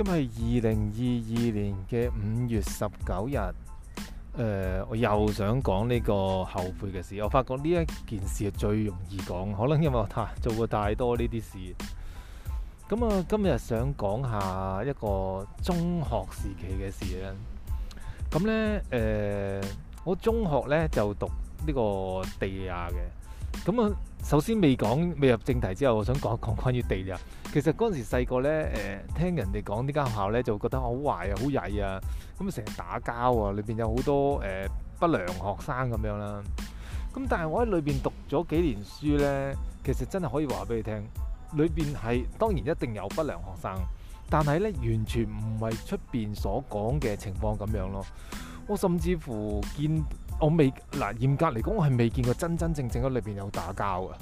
今日係二零二二年嘅五月十九日。誒、呃，我又想講呢個後悔嘅事。我發覺呢一件事係最容易講，可能因為我太做過太多呢啲事。咁、嗯、啊，今日想講下一個中學時期嘅事咧。咁、嗯、呢，誒、嗯，我中學呢就讀呢個地亞嘅。咁啊，首先未講未入正題之後，我想講一講關於地嘅。其實嗰陣時細個咧，誒，聽人哋講呢間學校咧，就覺得好壞啊，好曳啊，咁成日打交啊，裏邊有好多誒不良學生咁樣啦。咁但係我喺裏邊讀咗幾年書咧，其實真係可以話俾你聽，裏邊係當然一定有不良學生，但係咧完全唔係出邊所講嘅情況咁樣咯。我甚至乎見。我未嗱，嚴格嚟講，我係未見過真真正正喺裏邊有打交啊。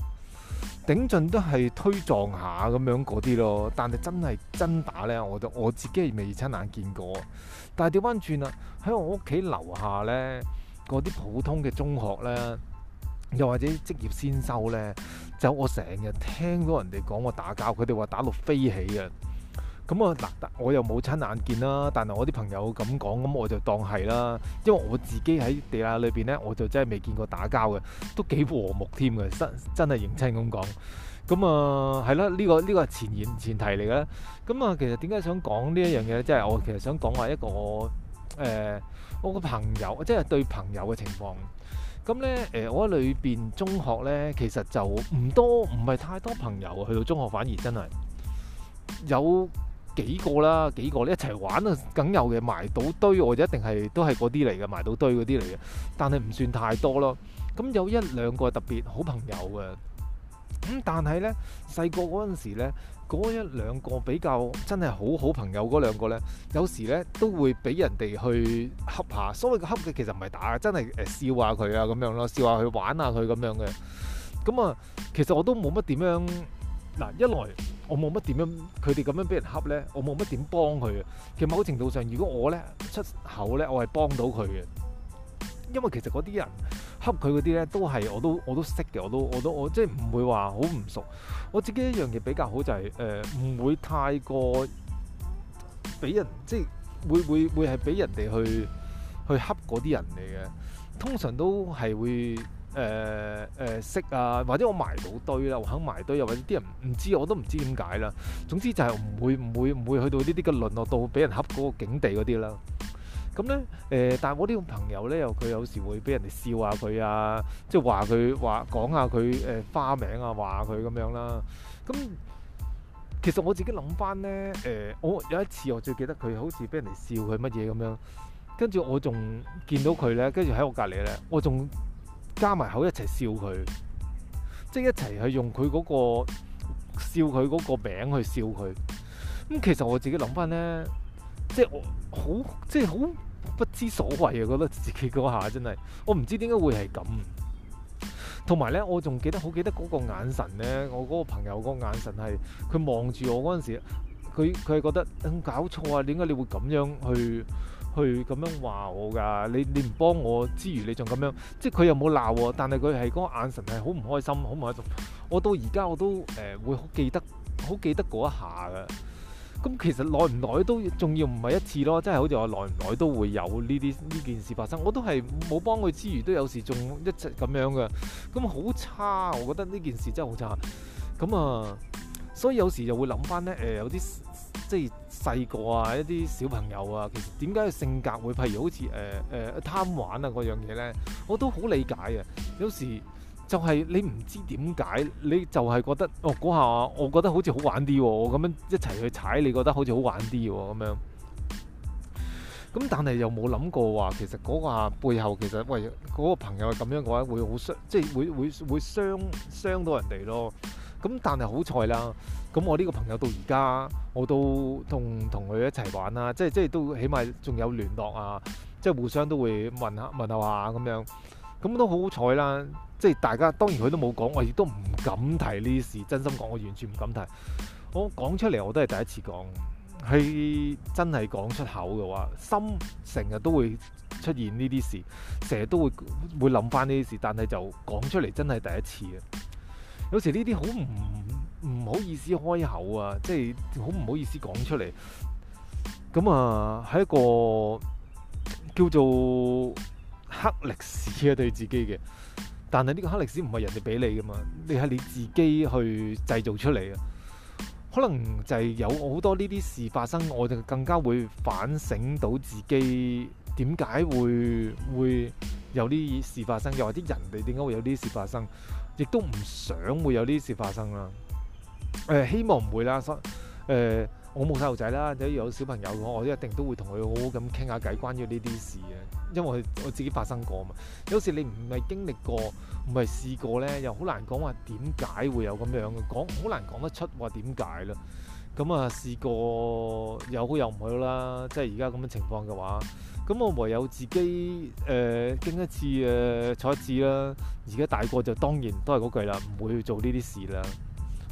頂盡都係推撞下咁樣嗰啲咯。但係真係真打咧，我就我自己未親眼見過。但係掉翻轉啦，喺我屋企樓下咧，嗰啲普通嘅中學咧，又或者職業先修咧，就我成日聽到人哋講我打交，佢哋話打到飛起嘅。咁啊，嗱，我又冇親眼見啦，但係我啲朋友咁講，咁我就當係啦。因為我自己喺地下裏邊咧，我就真係未見過打交嘅，都幾和睦添嘅，真真係認真咁講。咁啊，係啦，呢個呢個係前言前提嚟嘅。咁啊，其實點解想講呢一樣嘢？即係我其實想講話一個誒，我個朋友，即係對朋友嘅情況。咁咧，誒，我喺裏邊中學咧，其實就唔多，唔係太多朋友，去到中學反而真係有。幾個啦，幾個咧，一齊玩啊，梗有嘅埋到堆，我就一定係都係嗰啲嚟嘅，埋到堆嗰啲嚟嘅，但係唔算太多咯。咁有一兩個特別好朋友嘅，咁但係咧細個嗰陣時咧，嗰一兩個比較真係好好朋友嗰兩個咧，有時咧都會俾人哋去恰下。所謂嘅恰嘅其實唔係打，真係誒笑下佢啊咁樣咯，笑下佢玩下佢咁樣嘅。咁啊，其實我都冇乜點樣嗱，啊，一來。我冇乜點樣，佢哋咁樣俾人恰咧，我冇乜點幫佢嘅。其實某程度上，如果我咧出口咧，我係幫到佢嘅，因為其實嗰啲人恰佢嗰啲咧，都係我都我都識嘅，我都我都我即係唔會話好唔熟。我自己一樣嘢比較好就係誒，唔會太過俾人即係會會會係俾人哋去去恰嗰啲人嚟嘅，通常都係會。誒誒識啊，或者我埋到堆啦，我肯埋堆又或者啲人唔知我都唔知點解啦。總之就係唔會唔會唔會去到呢啲嘅淪落到俾人恰嗰個境地嗰啲啦。咁咧誒，但係我啲朋友咧，又佢有時會俾人哋笑下佢啊，即係話佢話講下佢誒花名啊，話佢咁樣啦。咁其實我自己諗返咧誒，我有一次我最記得佢好似俾人哋笑佢乜嘢咁樣，跟住我仲見到佢咧，跟住喺我隔籬咧，我仲。加埋口一齊笑佢，即係一齊去用佢嗰個笑佢嗰個名去笑佢。咁其實我自己諗翻咧，即係我好即係好不知所謂啊！覺得自己嗰下真係，我唔知點解會係咁。同埋咧，我仲記得好記得嗰個眼神咧，我嗰個朋友個眼神係，佢望住我嗰陣時，佢佢係覺得咁、嗯、搞錯啊！點解你會咁樣去？佢咁樣話我㗎，你你唔幫我之餘，你仲咁樣，即係佢又冇鬧我，但係佢係嗰個眼神係好唔開心，好唔開心。我到而家我都誒、呃、會好記得，好記得嗰一下㗎。咁其實耐唔耐都仲要唔係一次咯，即係好似我耐唔耐都會有呢啲呢件事發生。我都係冇幫佢之餘，都有時仲一直咁樣㗎。咁好差，我覺得呢件事真係好差。咁啊，所以有時就會諗翻咧，誒有啲。即係細個啊，一啲小朋友啊，其實點解佢性格會譬如好似誒誒貪玩啊嗰樣嘢呢？我都好理解嘅。有時就係你唔知點解，你就係覺得哦嗰下，我覺得好似好玩啲、哦，我咁樣一齊去踩，你覺得好似好玩啲、哦，咁樣。咁但係又冇諗過話，其實嗰下背後其實喂嗰、嗰個朋友咁樣嘅話會傷會，會好傷，即係會會會傷傷到人哋咯。咁但係好彩啦，咁我呢個朋友到而家，我都同同佢一齊玩啦，即係即係都起碼仲有聯絡啊，即係互相都會問下問下話咁樣，咁都好彩啦，即係大家當然佢都冇講，我亦都唔敢提呢啲事，真心講我完全唔敢提，我講出嚟我都係第一次講，係真係講出口嘅話，心成日都會出現呢啲事，成日都會會諗翻呢啲事，但係就講出嚟真係第一次啊！有時呢啲好唔唔好意思開口啊，即係好唔好意思講出嚟，咁啊係一個叫做黑歷史啊對自己嘅，但係呢個黑歷史唔係人哋俾你㗎嘛，你係你自己去製造出嚟啊。可能就係有好多呢啲事發生，我就更加會反省到自己點解會會有啲事發生，又或者人哋點解會有啲事發生。亦都唔想會有呢啲事發生啦、呃。希望唔會啦。所誒、呃，我冇細路仔啦，如果有小朋友嘅話我一定都會同佢好好咁傾下偈，關於呢啲事嘅，因為我自己發生過啊嘛。有時你唔係經歷過，唔係試過咧，又好難講話點解會有咁樣嘅，講好難講得出話點解啦。咁啊，試過有好有唔好啦，即係而家咁嘅情況嘅話，咁我唯有自己誒、呃、經一次、呃、坐一次啦。而家大個就當然都係嗰句啦，唔會去做呢啲事啦。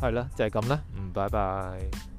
係啦，就係咁啦。嗯，拜拜。